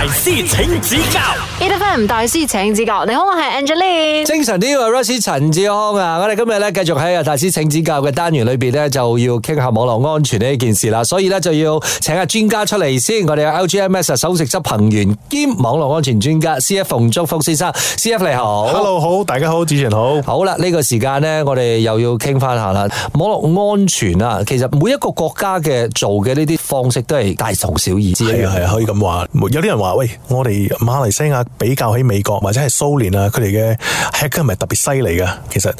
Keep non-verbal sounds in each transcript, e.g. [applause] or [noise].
大師請指教！itv、e、大師請指教！你好，我係 Angeline。精神啲嘅 Royce 陳志康啊，我哋今日咧繼續喺啊大師請指教嘅單元裏邊呢，就要傾下網絡安全呢件事啦。所以呢，就要請下專家出嚟先。我哋 LGMS 首席執行員兼網絡安全專家 C F 馮宗福先生，C F 你好。Hello，好，大家好，主持人好。好啦，呢、這個時間呢，我哋又要傾翻下啦。網絡安全啊，其實每一個國家嘅做嘅呢啲方式都係大同小異。係係，可以咁話。有啲人話。喂，我哋馬來西亞比較喺美國或者係蘇聯啊，佢哋嘅黑客係咪特別犀利嘅？其實呢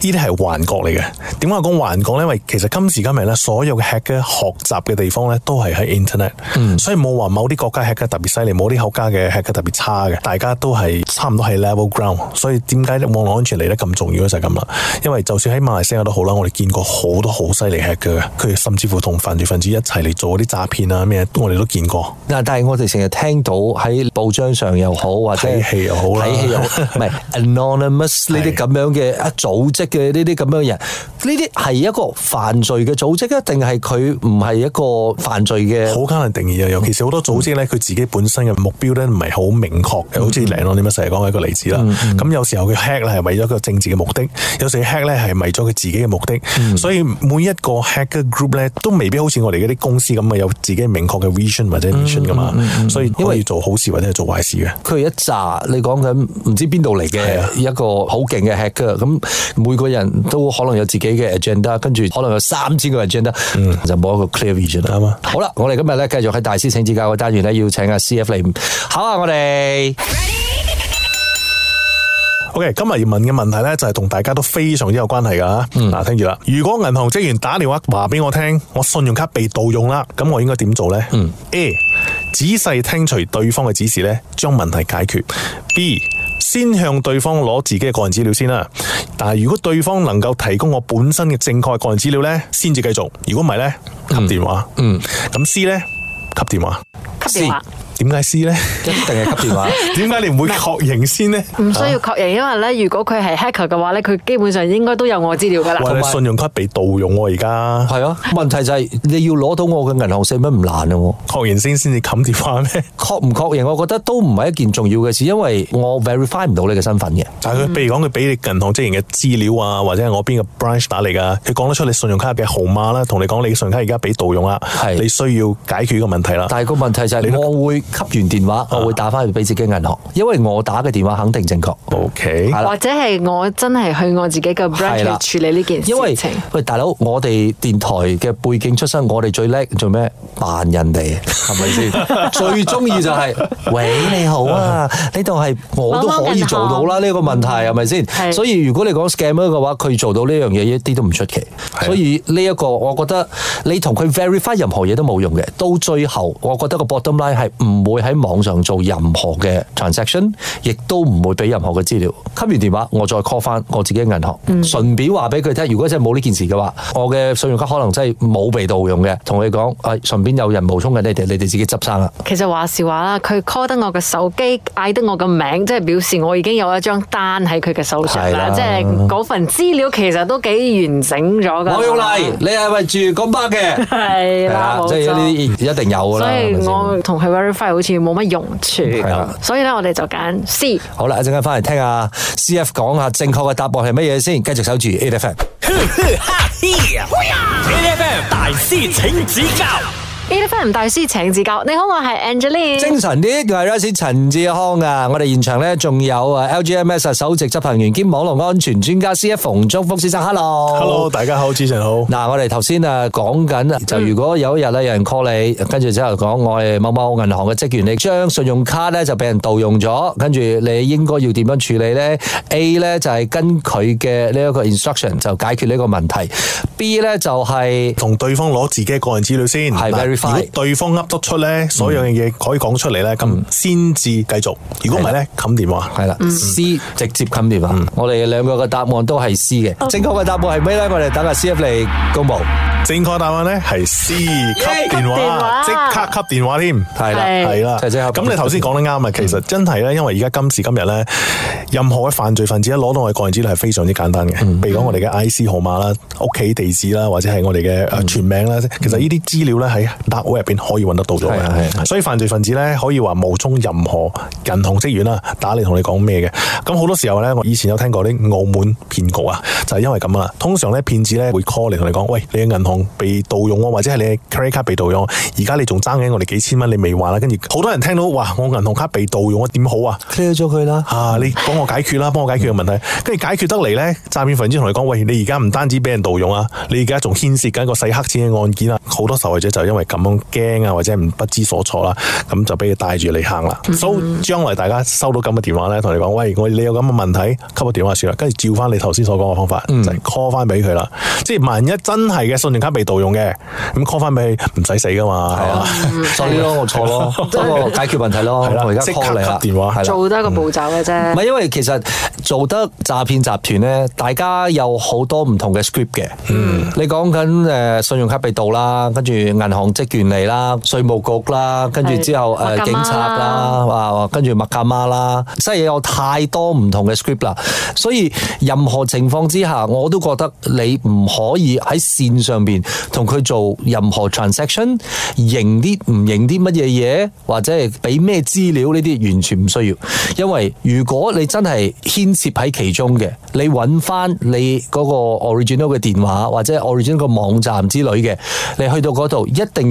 啲係幻覺嚟嘅。點解我講幻覺呢？因為其實今時今日呢，所有嘅黑客學習嘅地方呢，都係喺 internet，所以冇話某啲國家黑客特別犀利，某啲國家嘅黑客特別差嘅，大家都係差唔多係 level ground。所以點解網絡安全嚟得咁重要咧？就係咁啦。因為就算喺馬來西亞都好啦，我哋見過好多好犀利黑客嘅，佢哋甚至乎同犯罪分子一齊嚟做啲詐騙啊咩，我哋都見過。但係我哋成日聽到。喺報章上又好，或者睇戲又好啦，睇戲又好，唔係 [laughs] Anonymous 呢啲咁樣嘅一組織嘅呢啲咁樣嘅人，呢啲係一個犯罪嘅組織啊？定係佢唔係一個犯罪嘅？好困難定義啊！尤其是好多組織咧，佢、嗯、自己本身嘅目標咧唔係好明確嘅，好似 Leon 你成日講一個例子啦。咁、嗯嗯、有時候佢 hack 咧係為咗個政治嘅目的，有時 hack 咧係為咗佢自己嘅目的。嗯、所以每一個 hacker group 咧都未必好似我哋嗰啲公司咁啊，有自己明確嘅 vision 或者 mission 噶嘛。所以，以因為。做好事或者係做壞事嘅，佢一扎你講緊唔知邊度嚟嘅，的一個好勁嘅 hacker 噶咁每個人都可能有自己嘅 agenda，跟住可能有三千個 agenda，、嗯、就冇一個 clear vision 啦。好啦，我哋今日咧繼續喺大師請指教嘅單元咧，要請阿 C F 嚟考下我哋。OK，今日要問嘅問題咧就係同大家都非常之有關係噶吓。嗱、嗯，聽住啦，如果銀行職員打電話話俾我聽我信用卡被盜用啦，咁我應該點做咧？嗯，誒。仔細聽取對方嘅指示咧，將問題解決。B 先向對方攞自己嘅個人資料先啦，但係如果對方能夠提供我本身嘅正確個人資料咧，先至繼續。如果唔係咧，吸電話。嗯，咁、嗯、C 咧，吸電話。吸電話。點解私咧？C 呢一定係扱電話。點解 [laughs] 你唔會確認先呢？唔需要確認，因為咧，如果佢係 hacker 嘅話咧，佢基本上應該都有我資料噶啦。或信用卡俾盜用、啊，我而家係啊？問題就係、是、你要攞到我嘅銀行姓乜唔難啊？確認先先至冚電話咩？確唔確認？我覺得都唔係一件重要嘅事，因為我 verify 唔到你嘅身份嘅。但係佢，譬如講，佢俾你銀行職員嘅資料啊，或者係我邊個 branch 打嚟噶，佢講得出你信用卡嘅號碼啦，同你講你信用卡而家俾盜用啦，是你需要解決個問題啦。但係個問題就係、是、的我會。吸完電話，我會打翻去俾自己銀行，啊、因為我打嘅電話肯定正確。O Okay ? K，了或者係我真係去我自己嘅 branch 嚟、er、處理呢件事情因為。喂，大佬，我哋電台嘅背景出身，我哋最叻做咩？扮人哋係咪先？是是 [laughs] 最中意就係、是、 [laughs] 喂你好啊！呢度係我都可以做到啦。呢個問題係咪先？所以如果你講 scammer 嘅話，佢做到呢樣嘢一啲都唔出奇。的所以呢一個，我覺得你同佢 verify 任何嘢都冇用嘅。到最後，我覺得個 bottom line 係。唔。唔會喺網上做任何嘅 transaction，亦都唔會俾任何嘅資料。吸完電話，我再 call 翻我自己銀行，嗯、順便話俾佢聽。如果真係冇呢件事嘅話，我嘅信用卡可能真係冇被盜用嘅。同佢講，啊、哎，順便有人冒充緊你哋，你哋自己執生啦。其實話時話啦，佢 call 得我嘅手機，嗌得我嘅名，即係表示我已經有一張單喺佢嘅手上啦。的即係嗰份資料其實都幾完整咗。劉玉麗，啊、你係咪住廣百嘅？係即係呢啲一定有啦。所以吧我同佢 verify 係好似冇乜用處，是的 所以咧我哋就揀 C 好。好啦，一陣間翻嚟聽下，C F 講下正確嘅答案係乜嘢先，繼續守住 A、The、F M。 [noise] [noise] e l i t 大師請指教，你好，我係 Angeline 精神啲，我係律師陳志康啊！我哋現場呢，仲有啊，LGMS 首席執行員兼網絡安全專家 C F 馮宗福先生，hello，hello，大家好，主持人好。嗱，我哋頭先啊講緊就如果有一日啊有人 call 你，嗯、跟住之後講我係某某銀行嘅職員，你將信用卡咧就俾人盜用咗，跟住你應該要點樣處理呢 a 呢，就係跟佢嘅呢一個 instruction 就解決呢個問題。B 呢，就係同對方攞自己個人資料先。的如果對方呃得出咧，所有嘅嘢可以講出嚟咧，咁先至繼續。如果唔係咧，冚電話。係啦，C 直接冚電話。我哋兩個嘅答案都係 C 嘅。正確嘅答案係咩咧？我哋等下 C F 嚟公佈正確答案咧，係 C，吸電話，即刻吸電話添。係啦，係啦。咁你頭先講得啱啊！其實真係咧，因為而家今時今日咧，任何嘅犯罪分子一攞到我哋個人資料係非常之簡單嘅。譬如講我哋嘅 I C 號碼啦、屋企地址啦，或者係我哋嘅全名啦，其實呢啲資料咧喺客戶入邊可以搵得到咗嘅，所以犯罪分子呢可以話冒充任何銀行職員啦，打嚟同你講咩嘅。咁好多時候呢，我以前有聽過啲澳門騙局啊，就係因為咁啊。通常呢，騙子呢會 call 嚟同你講：喂，你嘅銀行被盜用啊，或者係你嘅 credit 卡被盜用，而家你仲爭緊我哋幾千蚊，你未還啦。跟住好多人聽到：哇，我銀行卡被盜用啊，點好啊？close 咗佢啦。吓，你幫我解決啦，幫我解決個問題。跟住解決得嚟呢，詐騙分子同你講：喂，你而家唔單止俾人盜用啊，你而家仲牽涉緊個洗黑錢嘅案件啊。好多受害者就因為。咁樣驚啊，或者唔不知所措啦，咁就俾佢帶住你行啦。所以將來大家收到咁嘅電話咧，同你講：喂，我你有咁嘅問題，給個電話算啦。跟住照翻你頭先所講嘅方法，就 call 翻俾佢啦。即係萬一真係嘅信用卡被盜用嘅，咁 call 翻俾佢唔使死噶嘛，係嘛？所以咯，我錯咯，解決問題咯。我而家 call 電話做得個步驟嘅啫。唔係因為其實做得詐騙集團咧，大家有好多唔同嘅 script 嘅。你講緊誒信用卡被盜啦，跟住銀行權利啦、稅務局啦，跟住之後誒警察啦，啊跟住麥加媽啦，真係有太多唔同嘅 script 啦。所以任何情況之下，我都覺得你唔可以喺綫上邊同佢做任何 transaction，認啲唔認啲乜嘢嘢，或者係俾咩資料呢啲完全唔需要。因為如果你真係牽涉喺其中嘅，你揾翻你嗰個 original 嘅電話或者 original 個網站之類嘅，你去到嗰度一定。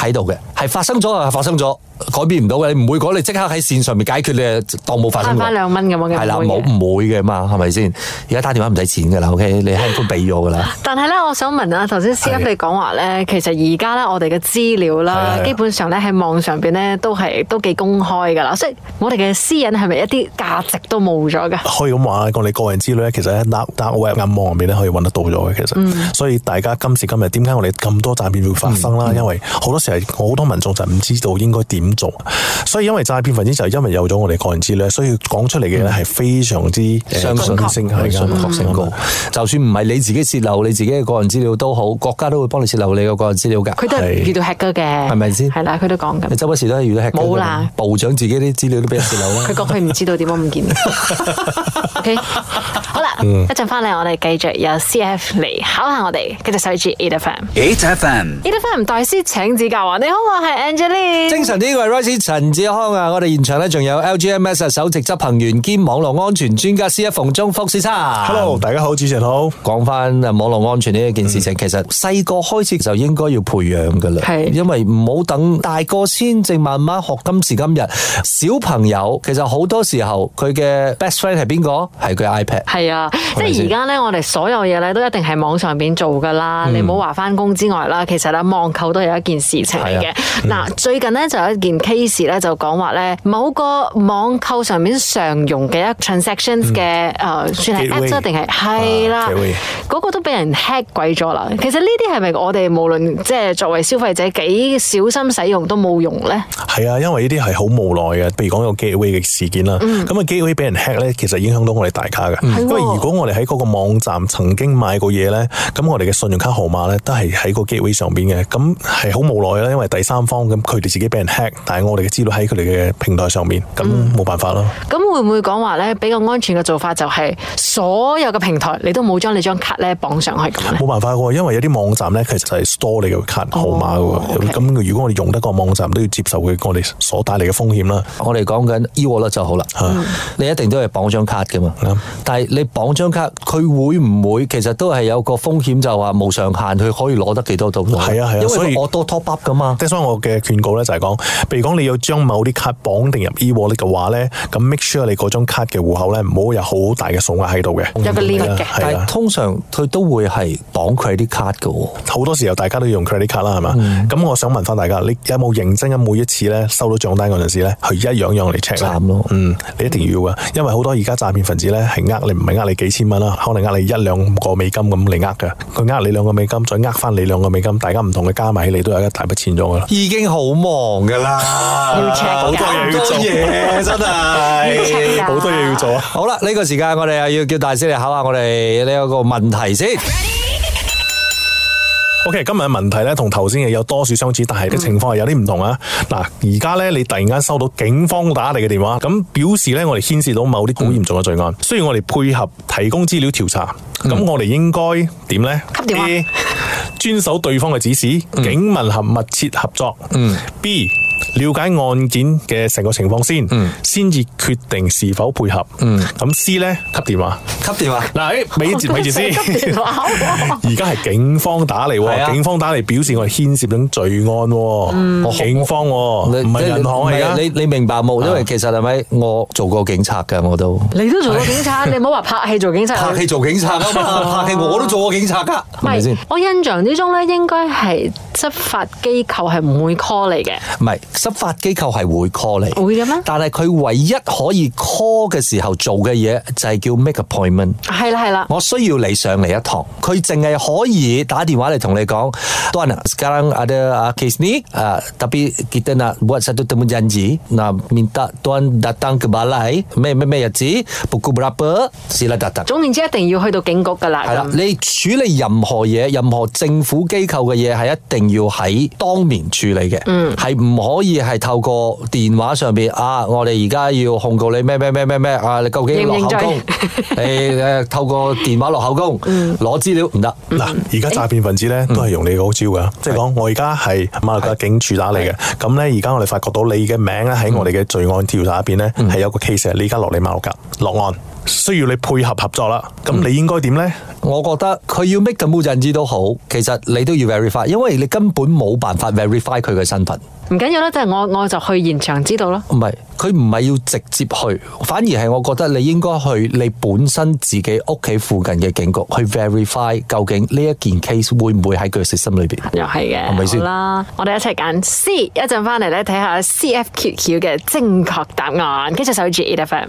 喺度嘅，係發生咗，係發生咗，改變唔到嘅。你唔會講你即刻喺線上面解決，你當冇發生過。翻翻兩蚊咁樣，係啦了，冇唔會嘅嘛，係咪先？而家打電話唔使錢噶啦，OK，你慳翻俾咗噶啦。但係咧，我想問啊，頭先 CF 是的 你講話咧，其實而家咧我哋嘅資料啦，基本上咧喺網上邊咧都係都幾公開噶啦，所以我哋嘅私隱係咪一啲價值都冇咗嘅？可以咁話啊，我哋個人資料其實喺我喺暗網上邊可以揾得到咗嘅，其實。嗯、所以大家今時今日，點解我哋咁多詐騙會發生啦？嗯、因為好多時好多民眾就唔知道應該點做，所以因為詐騙分子就係因為有咗我哋個人資料，所以講出嚟嘅嘢係非常之相信性嘅，相，相，相信性高。嗯嗯、就算唔係你自己洩漏，你自己嘅個人資料都好，國家都會幫你洩漏你嘅個人資料噶。佢都，都，都遇到黑嘅，係咪先？係啦，佢都講緊。你周不時都遇到黑冇啦？部長自己啲資料都俾人洩漏啦。佢講佢唔知道點解唔見。 [laughs] [laughs] okay? 一陣翻嚟，嗯、我哋繼續有 C F 嚟考下我哋。跟住收住 e i g h FM，e d h FM，e d FM，大師請指教啊！你好，我係 Angeline。精神啲位 Royce 陳志康啊！我哋現場咧仲有 L G M S 首席執行員兼網絡安全專家 C F 馮宗福先生。Hello，大家好，主持人好。講翻網絡安全呢一件事情，嗯、其實細個開始就應該要培養噶啦，是因為唔好等大個先，正慢慢學。今時今日，小朋友其實好多時候佢嘅 best friend 係邊個？係佢 iPad。係啊。即係而家咧，我哋所有嘢咧都一定係網上邊做噶啦。嗯、你唔好話翻工之外啦，其實咧網購都係有一件事情嘅。嗱，嗯、最近呢就有一件 case 咧，就講話咧，某個網購上面常用嘅一 transactions 嘅誒、嗯呃，算係 app 咧 Gateway,，定係係啦，嗰、啊、個都俾人 hack 鬼咗啦。其實呢啲係咪我哋無論即係作為消費者幾小心使用都冇用咧？係啊，因為呢啲係好無奈嘅。譬如講個 gateway 嘅事件啦，咁啊 gateway 俾人 hack 咧，其實影響到我哋大家嘅，嗯如果我哋喺嗰個網站曾經買過嘢呢，咁我哋嘅信用卡號碼呢，都係喺個 gateway 上邊嘅，咁係好無奈啦，因為第三方咁佢哋自己俾人 hack，但係我哋嘅資料喺佢哋嘅平台上面，咁冇辦法咯。咁、嗯、會唔會講話呢？比較安全嘅做法就係、是、所有嘅平台你都冇將你張卡咧綁上去咁？冇辦法喎，因為有啲網站呢，其實就係 store 你嘅卡號碼喎。咁、哦 okay、如果我哋用得個網站都要接受佢我哋所帶嚟嘅風險啦。我哋講緊 U 盾就好啦，嗯、你一定都係綁張卡噶嘛？嗯、但係你綁張卡佢會唔會其實都係有個風險就話冇上限，佢可以攞得幾多到？係啊係啊，所以因為我多 top up 噶嘛。即所以我嘅勸告咧就係講，譬如講你要將某啲卡綁定入 eWallet 嘅話咧，咁 make sure 你嗰張卡嘅戶口咧唔好有好大嘅數額喺度嘅。嗯、有個 limit 但係通常佢都會係綁佢啲卡噶。好多時候大家都要用 credit 卡啦，係嘛、嗯？咁我想問翻大家，你有冇認真咁每一次咧收到賬單嗰陣時咧，佢一樣樣嚟 check 咯？了嗯，你一定要噶，嗯、因為好多而家詐騙分子咧係呃你，唔係呃幾千蚊啦，可能呃你一兩個美金咁嚟呃噶，佢呃你兩個美金，再呃翻你兩個美金，大家唔同嘅加埋起嚟都有一大筆錢咗噶啦。已經好忙噶啦，好、啊、多嘢要做， [laughs] 真係的好多嘢要做啊。好啦，呢、這個時間我哋又要叫大師嚟考下我哋呢一個問題先。OK，今日嘅問題呢同頭先有多少相似，但係嘅情況係有啲唔同啊！嗱、嗯，而家呢，你突然間收到警方打嚟嘅電話，咁表示呢我哋牽涉到某啲好嚴重嘅罪案，需要、嗯、我哋配合提供資料調查，咁、嗯、我哋應該點吸 a 遵守對方嘅指示，嗯、警民合密切合作。嗯。B 了解案件嘅成個情況先，嗯，先至決定是否配合，嗯。咁 C 咧，吸電話，吸電話。嗱，俾字俾字先。而家係警方打嚟，警方打嚟表示我牽涉緊罪案，嗯，警方，你唔係銀行嘅。你你明白冇？因為其實係咪我做過警察嘅？我都你都做過警察，你唔好話拍戲做警察。拍戲做警察啊嘛，拍戲我都做過警察噶，明唔明先？我印象之中咧，應該係執法機構係唔會 call 你嘅，唔係。執法機構係會 call 你，會嘅咩？但係佢唯一可以 call 嘅時候做嘅嘢就係叫 make appointment。係啦係啦，我需要你上嚟一堂。佢淨係可以打電話嚟同你講。Donald，scan 阿阿 Casey，啊，特別記得啊，冇人實對對唔認字。嗱，明達，當日當日嘅白賴咩咩咩日子，唔會布拉坡，是啦，當日。總言之，一定要去到警局㗎啦。係啦，你處理任何嘢，任何政府機構嘅嘢係一定要喺當面處理嘅，係唔、嗯、可。可以係透過電話上邊啊，我哋而家要控告你咩咩咩咩咩啊！你究竟要落口供？認認 [laughs] 你、啊、透過電話落口供，攞資、嗯、料唔得。嗱，而家詐騙分子咧都係用你好招噶，即係講我而家係馬六甲警署打你嘅。咁咧是，而家我哋發覺到你嘅名咧喺我哋嘅罪案調查入邊咧係有個 case，你而家落嚟馬六甲落案，需要你配合合作啦，咁你應該點呢？嗯、我覺得佢要 make the move 陣子都好，其實你都要 verify，因為你根本冇辦法 verify 佢嘅身份。唔緊要啦，即、就、係、是、我我就去現場知道咯。唔係，佢唔係要直接去，反而係我覺得你應該去你本身自己屋企附近嘅警局去 verify，究竟呢一件 case 會唔會喺佢嘅心裏邊？又係嘅，係咪先啦？我哋一齊揀 C，一陣翻嚟咧睇下 C F Q Q 嘅正確答案。跟住就守住 E D F M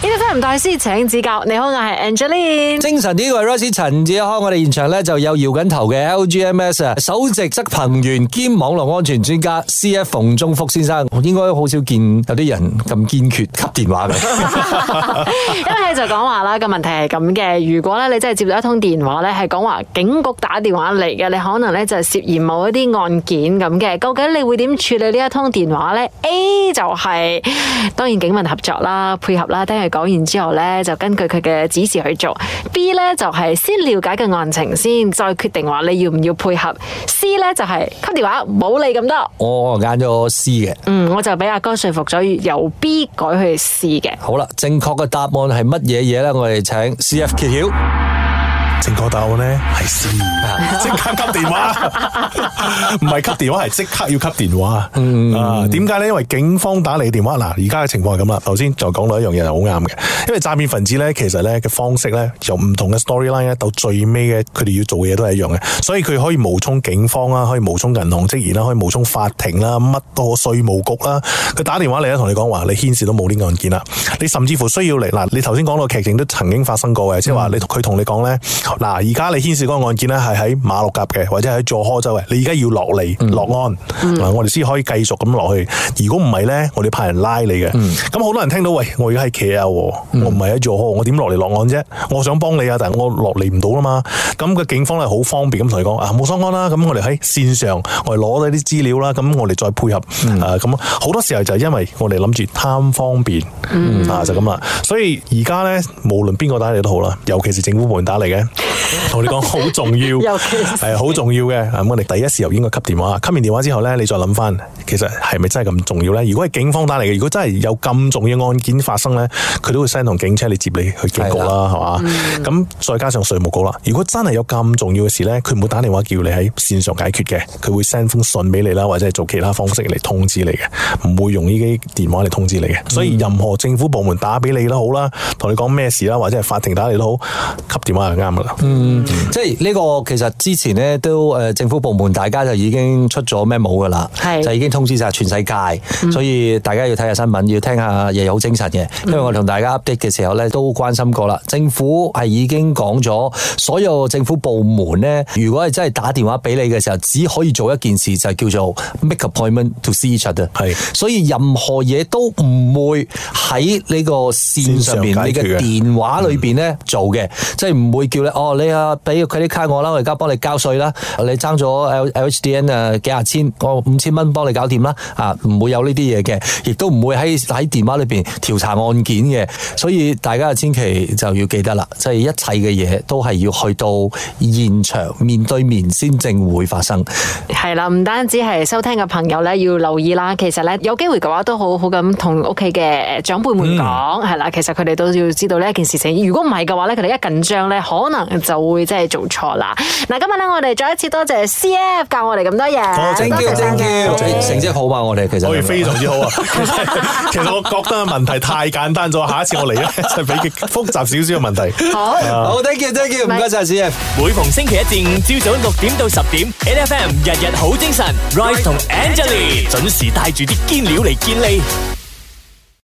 呢位新聞大師請指教。你好，我係 Angeline，精神呢位 Royce 陳志康，我哋現場咧就有搖緊頭嘅 LGMS 首席執行員兼網絡安全專家 CF 馮宗福先生。應該好少見有啲人咁堅決接電話嘅。咁佢就講話啦，個問題係咁嘅。如果咧你真係接到一通電話咧，係講話警局打電話嚟嘅，你可能咧就涉嫌某一啲案件咁嘅。究竟你會點處理呢一通電話咧？A 就係當然警民合作啦，配合啦，但係，講完之後呢，就根據佢嘅指示去做。B 呢，就係、是、先了解嘅案情先，再決定話你要唔要配合。C 呢，就係 cut 電話，冇理咁多。我揀咗 C 嘅。嗯，我就俾阿哥說服咗，由 B 改去 C 嘅。好啦，正確嘅答案係乜嘢嘢呢？我哋請 C F 揭曉。正確答案咧係先，即 [music] 刻吸電話，唔係吸電話，係 [laughs] 即刻要吸電話啊！啊、mm，點、hmm. 解、呃、呢？因為警方打你電話嗱，而家嘅情況係咁啦。頭先就講到一樣嘢係好啱嘅，因為詐騙分子呢，其實呢，嘅方式呢，由唔同嘅 storyline 到最尾嘅，佢哋要做嘢都係一樣嘅，所以佢可以冒充警方啦，可以冒充銀行職員啦，可以冒充法庭啦，乜都好，稅務局啦，佢打電話嚟同你講話你牽涉到冇呢案件啦，你甚至乎需要嚟，嗱，你頭先講到劇情都曾經發生過嘅，即係話你佢同你講呢。Mm hmm. 嗱，而家你牽涉嗰個案件咧，係喺馬六甲嘅，或者喺佐科州嘅。你而家要、嗯、落嚟落案，嗯、我哋先可以繼續咁落去。如果唔係咧，我哋派人拉你嘅。咁好、嗯、多人聽到，喂，我而家喺企啊，我唔係喺佐科，我點落嚟落案啫？我想幫你啊，但我落嚟唔到啦嘛。咁個警方咧好方便咁同你講，啊，冇相干啦。咁我哋喺線上，我哋攞咗啲資料啦。咁我哋再配合。咁好、嗯、多時候就係因為我哋諗住貪方便、嗯、啊，就咁啦。所以而家咧，無論邊個打嚟都好啦，尤其是政府部門打嚟嘅。同 [laughs] 你講好重要，係好 [laughs] 其是 重要嘅。咁我哋第一時候應該吸電話，吸完電話之後呢，你再諗翻，其實係咪真係咁重要呢？如果係警方打嚟嘅，如果真係有咁重要案件發生呢，佢都會 send 同警車嚟你接你去警局啦，係嘛？咁再加上稅務局啦，如果真係有咁重要嘅事呢，佢唔會打電話叫你喺線上解決嘅，佢會 send 封信俾你啦，或者係做其他方式嚟通知你嘅，唔會用呢啲電話嚟通知你嘅。嗯、所以任何政府部門打俾你都好啦，同你講咩事啦，或者係法庭打嚟都好，吸電話係啱噶啦。嗯嗯，即係呢個其實之前咧都誒政府部門大家就已經出咗 memo 噶啦，係是就已經通知晒全世界，嗯、所以大家要睇下新聞，要聽下嘢有精神嘅。因為我同大家 update 嘅時候咧都關心過啦，嗯、政府係已經講咗，所有政府部門咧如果係真係打電話俾你嘅時候，只可以做一件事，就係叫做 make appointment to see each other, search 啊。係，所以任何嘢都唔會喺呢個線上邊、上你嘅電話裏邊咧做嘅，嗯、即係唔會叫你哦你。啊！俾佢啲卡我啦，我而家幫你交稅啦。你爭咗 L H D N 啊，幾廿千我五千蚊幫你搞掂啦。啊，唔會有呢啲嘢嘅，亦都唔會喺喺電話裏邊調查案件嘅。所以大家千祈就要記得啦，即係一切嘅嘢都係要去到現場面對面先正會發生。係啦，唔單止係收聽嘅朋友咧要留意啦，其實咧有機會嘅話都好好咁同屋企嘅長輩們講係啦、嗯。其實佢哋都要知道呢一件事情。如果唔係嘅話咧，佢哋一緊張咧，可能就會真係做錯啦！嗱，今日咧我哋再一次多謝 C F 教我哋咁多嘢，多謝佢嘅成成績好嘛？我哋其實可以非常之好啊！其實我覺得個問題太簡單咗，下一次我嚟咧就俾極複雜少少嘅問題。好，好，thank you，thank you，唔該晒 C F。每逢星期一至五朝早六點到十點 a F M 日日好精神，Royce 同 Angeline 準時帶住啲堅料嚟見你。